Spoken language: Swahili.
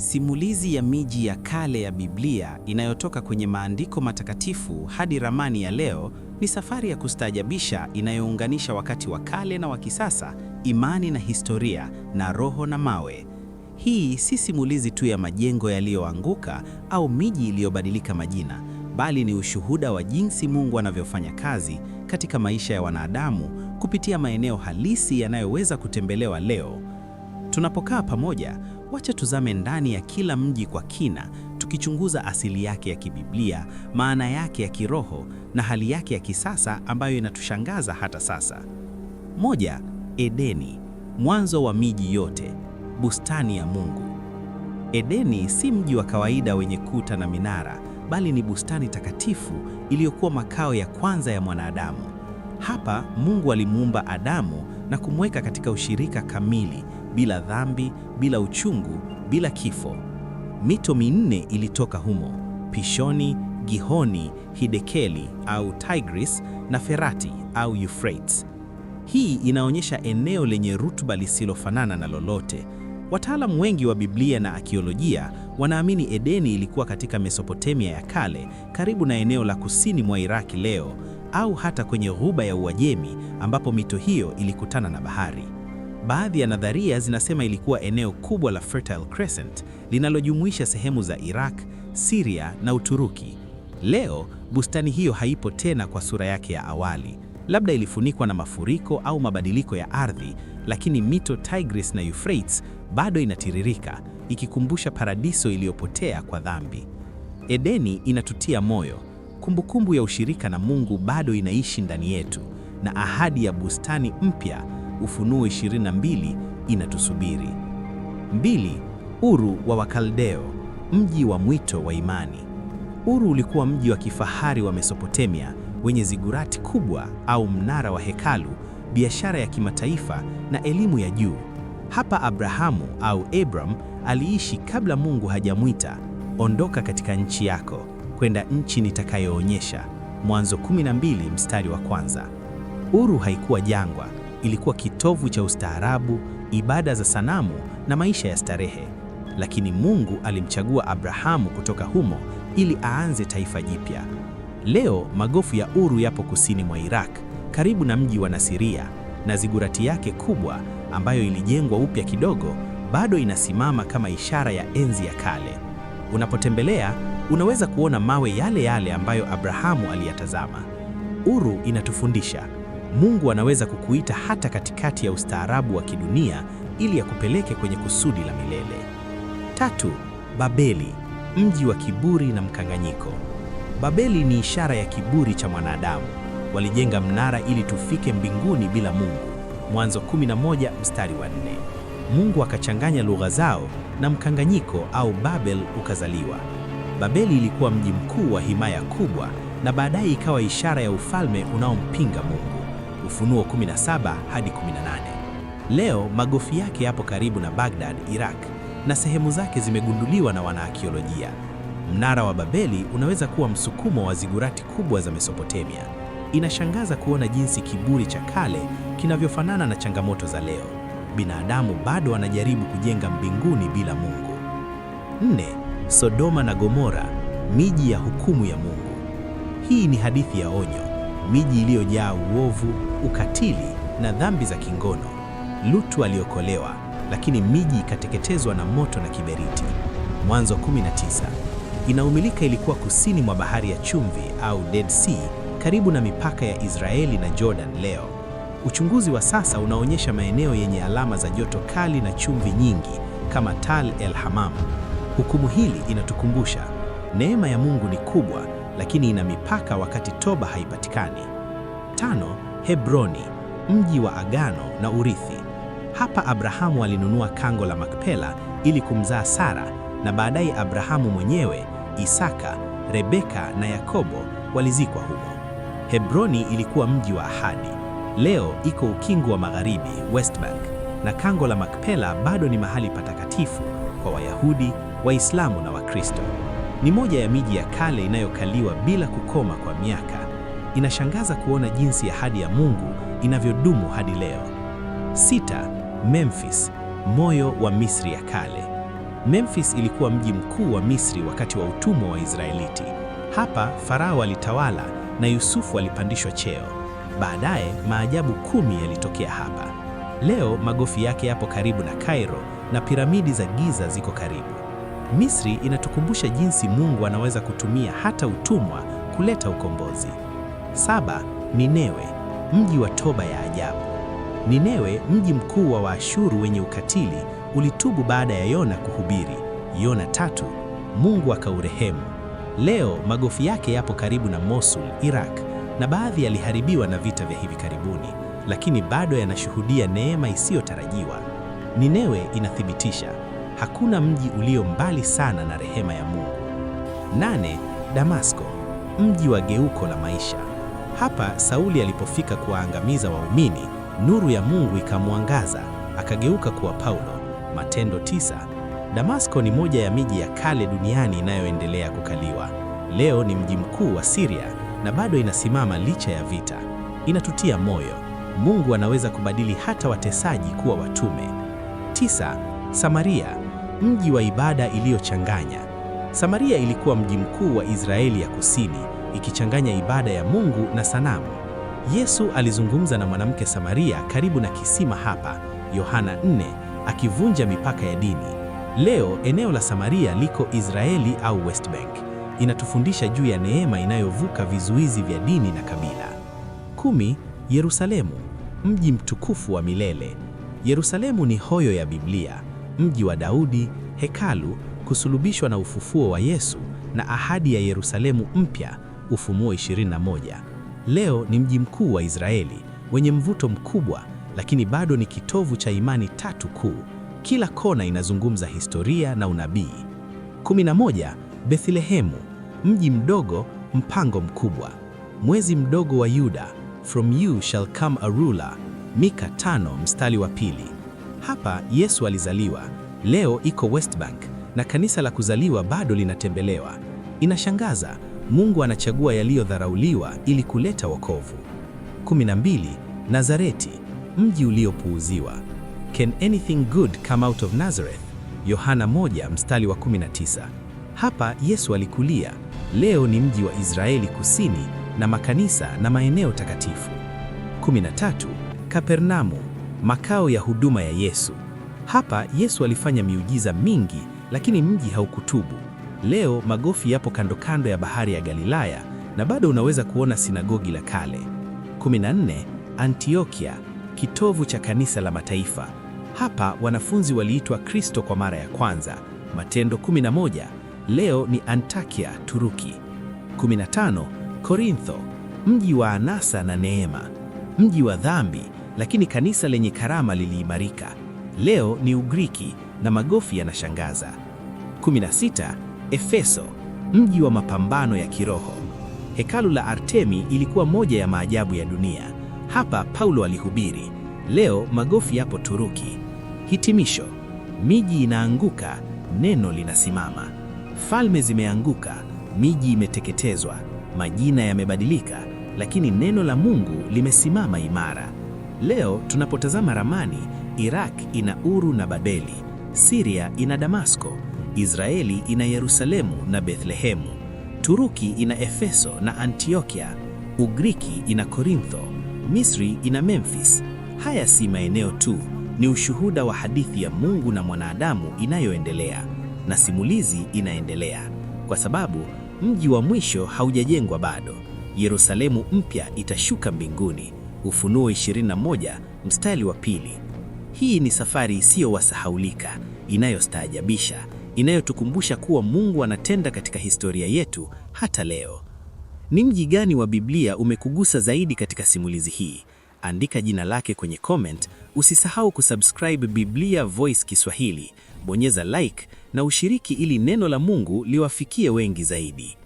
Simulizi ya miji ya kale ya Biblia inayotoka kwenye maandiko matakatifu hadi ramani ya leo ni safari ya kustaajabisha inayounganisha wakati wa kale na wa kisasa, imani na historia, na roho na mawe. Hii si simulizi tu ya majengo yaliyoanguka au miji iliyobadilika majina, bali ni ushuhuda wa jinsi Mungu anavyofanya kazi katika maisha ya wanadamu kupitia maeneo halisi yanayoweza kutembelewa leo. Tunapokaa pamoja wacha tuzame ndani ya kila mji kwa kina, tukichunguza asili yake ya kibiblia, maana yake ya kiroho na hali yake ya kisasa ambayo inatushangaza hata sasa. Moja, Edeni, mwanzo wa miji yote, bustani ya Mungu. Edeni si mji wa kawaida wenye kuta na minara, bali ni bustani takatifu iliyokuwa makao ya kwanza ya mwanadamu. Hapa Mungu alimuumba Adamu na kumweka katika ushirika kamili bila dhambi, bila uchungu, bila kifo. Mito minne ilitoka humo: Pishoni, Gihoni, Hidekeli au Tigris na Ferati au Euphrates. Hii inaonyesha eneo lenye rutuba lisilofanana na lolote. Wataalamu wengi wa Biblia na akiolojia wanaamini Edeni ilikuwa katika Mesopotamia ya kale, karibu na eneo la kusini mwa Iraki leo, au hata kwenye ghuba ya Uajemi ambapo mito hiyo ilikutana na bahari. Baadhi ya nadharia zinasema ilikuwa eneo kubwa la Fertile Crescent linalojumuisha sehemu za Iraq, Syria na Uturuki. Leo bustani hiyo haipo tena kwa sura yake ya awali. Labda ilifunikwa na mafuriko au mabadiliko ya ardhi, lakini mito Tigris na Euphrates bado inatiririka, ikikumbusha paradiso iliyopotea kwa dhambi. Edeni inatutia moyo. Kumbukumbu ya ushirika na Mungu bado inaishi ndani yetu, na ahadi ya bustani mpya Ufunuo 22 inatusubiri. Mbili, Uru wa Wakaldeo, mji wa mwito wa imani. Uru ulikuwa mji wa kifahari wa Mesopotamia wenye zigurati kubwa au mnara wa hekalu, biashara ya kimataifa na elimu ya juu. Hapa Abrahamu au Abram aliishi kabla Mungu hajamwita, ondoka katika nchi yako kwenda nchi nitakayoonyesha. Mwanzo 12 mstari wa kwanza. Uru haikuwa jangwa ilikuwa kitovu cha ustaarabu, ibada za sanamu na maisha ya starehe, lakini Mungu alimchagua Abrahamu kutoka humo ili aanze taifa jipya. Leo magofu ya Uru yapo kusini mwa Iraq, karibu na mji wa Nasiria, na zigurati yake kubwa ambayo ilijengwa upya kidogo bado inasimama kama ishara ya enzi ya kale. Unapotembelea unaweza kuona mawe yale yale ambayo Abrahamu aliyatazama. Uru inatufundisha Mungu anaweza kukuita hata katikati ya ustaarabu wa kidunia ili akupeleke kwenye kusudi la milele. Tatu, Babeli, mji wa kiburi na mkanganyiko. Babeli ni ishara ya kiburi cha mwanadamu. Walijenga mnara ili tufike mbinguni bila Mungu. Mwanzo 11 mstari wa 4. Mungu akachanganya lugha zao na mkanganyiko au Babel ukazaliwa. Babeli ilikuwa mji mkuu wa himaya kubwa na baadaye ikawa ishara ya ufalme unaompinga Mungu. Ufunuo 17 hadi 18. Leo magofu yake yapo karibu na Baghdad, Iraq, na sehemu zake zimegunduliwa na wanaakiolojia. Mnara wa Babeli unaweza kuwa msukumo wa zigurati kubwa za Mesopotamia. Inashangaza kuona jinsi kiburi cha kale kinavyofanana na changamoto za leo. Binadamu bado wanajaribu kujenga mbinguni bila Mungu. Nne, Sodoma na Gomora, miji ya hukumu ya Mungu. Hii ni hadithi ya onyo miji iliyojaa uovu, ukatili na dhambi za kingono. Lutu aliokolewa, lakini miji ikateketezwa na moto na kiberiti. Mwanzo 19. Inaumilika ilikuwa kusini mwa bahari ya chumvi au Dead Sea, karibu na mipaka ya Israeli na Jordan leo. Uchunguzi wa sasa unaonyesha maeneo yenye alama za joto kali na chumvi nyingi kama Tal el Hamam. Hukumu hili inatukumbusha neema ya Mungu ni kubwa lakini ina mipaka wakati toba haipatikani. Tano, Hebroni, mji wa agano na urithi. Hapa Abrahamu alinunua kango la Makpela ili kumzaa Sara, na baadaye Abrahamu mwenyewe, Isaka, Rebeka na Yakobo walizikwa humo. Hebroni ilikuwa mji wa ahadi. Leo iko ukingo wa magharibi, West Bank, na kango la Makpela bado ni mahali patakatifu kwa Wayahudi, Waislamu na Wakristo. Ni moja ya miji ya kale inayokaliwa bila kukoma kwa miaka. Inashangaza kuona jinsi ahadi ya Mungu inavyodumu hadi leo. Sita, Memphis, moyo wa Misri ya kale. Memphis ilikuwa mji mkuu wa Misri wakati wa utumwa wa Israeliti. Hapa Farao alitawala na Yusufu alipandishwa cheo. Baadaye maajabu kumi yalitokea hapa. Leo magofu yake yapo karibu na Cairo na piramidi za Giza ziko karibu. Misri inatukumbusha jinsi Mungu anaweza kutumia hata utumwa kuleta ukombozi. Saba, Ninewe, mji wa toba ya ajabu. Ninewe, mji mkuu wa Waashuru wenye ukatili, ulitubu baada ya Yona kuhubiri. Yona tatu, Mungu akaurehemu. Leo magofu yake yapo karibu na Mosul, Iraq, na baadhi yaliharibiwa na vita vya hivi karibuni, lakini bado yanashuhudia neema isiyotarajiwa. Ninewe inathibitisha hakuna mji ulio mbali sana na rehema ya Mungu. Nane, Damasko, mji wa geuko la maisha. Hapa Sauli alipofika kuwaangamiza waumini, nuru ya Mungu ikamwangaza, akageuka kuwa Paulo. Matendo tisa. Damasko ni moja ya miji ya kale duniani inayoendelea kukaliwa. Leo ni mji mkuu wa Siria na bado inasimama licha ya vita. Inatutia moyo. Mungu anaweza kubadili hata watesaji kuwa watume. Tisa, Samaria mji wa ibada iliyochanganya. Samaria ilikuwa mji mkuu wa Israeli ya kusini, ikichanganya ibada ya Mungu na sanamu. Yesu alizungumza na mwanamke Samaria karibu na kisima hapa, Yohana 4, akivunja mipaka ya dini. Leo eneo la Samaria liko Israeli au West Bank. Inatufundisha juu ya neema inayovuka vizuizi vya dini na kabila. Kumi, Yerusalemu, mji mtukufu wa milele. Yerusalemu ni hoyo ya Biblia mji wa Daudi, hekalu, kusulubishwa na ufufuo wa Yesu na ahadi ya Yerusalemu mpya, Ufunuo 21. Leo ni mji mkuu wa Israeli wenye mvuto mkubwa, lakini bado ni kitovu cha imani tatu kuu. Kila kona inazungumza historia na unabii. 11. Bethlehemu, mji mdogo, mpango mkubwa. Mwezi mdogo wa Yuda, from you shall come a ruler, Mika 5 mstari wa pili. Hapa Yesu alizaliwa, leo iko West Bank na kanisa la kuzaliwa bado linatembelewa. Inashangaza, Mungu anachagua yaliyodharauliwa ili kuleta wokovu. 12 Nazareti, mji uliopuuziwa. Can anything good come out of Nazareth? Yohana 1 mstari wa 19. Hapa Yesu alikulia, leo ni mji wa Israeli kusini na makanisa na maeneo takatifu. 13 Kapernamu, makao ya huduma ya Yesu. Hapa Yesu alifanya miujiza mingi, lakini mji haukutubu. Leo magofu yapo kando kando ya bahari ya Galilaya na bado unaweza kuona sinagogi la kale. 14. Antiokia, kitovu cha kanisa la mataifa. Hapa wanafunzi waliitwa Kristo kwa mara ya kwanza, Matendo 11. Leo ni Antakia, Turuki. 15. Korintho, mji wa anasa na neema, mji wa dhambi lakini kanisa lenye karama liliimarika. Leo ni Ugiriki na magofu yanashangaza. 16. Efeso, mji wa mapambano ya kiroho. Hekalu la Artemi ilikuwa moja ya maajabu ya dunia. Hapa Paulo alihubiri. Leo magofu yapo Turuki. Hitimisho, miji inaanguka, neno linasimama. Falme zimeanguka, miji imeteketezwa, majina yamebadilika, lakini neno la Mungu limesimama imara. Leo tunapotazama ramani, Iraq ina Uru na Babeli, Siria ina Damasko, Israeli ina Yerusalemu na Bethlehemu, Turuki ina Efeso na Antiokia, Ugriki ina Korintho, Misri ina Memphis. Haya si maeneo tu, ni ushuhuda wa hadithi ya Mungu na mwanadamu inayoendelea, na simulizi inaendelea kwa sababu mji wa mwisho haujajengwa bado. Yerusalemu mpya itashuka mbinguni. Ufunuo 21 mstari wa pili. Hii ni safari isiyowasahaulika, inayostaajabisha, inayotukumbusha kuwa Mungu anatenda katika historia yetu hata leo. Ni mji gani wa Biblia umekugusa zaidi katika simulizi hii? Andika jina lake kwenye comment. Usisahau kusubscribe Biblia Voice Kiswahili, bonyeza like na ushiriki ili neno la Mungu liwafikie wengi zaidi.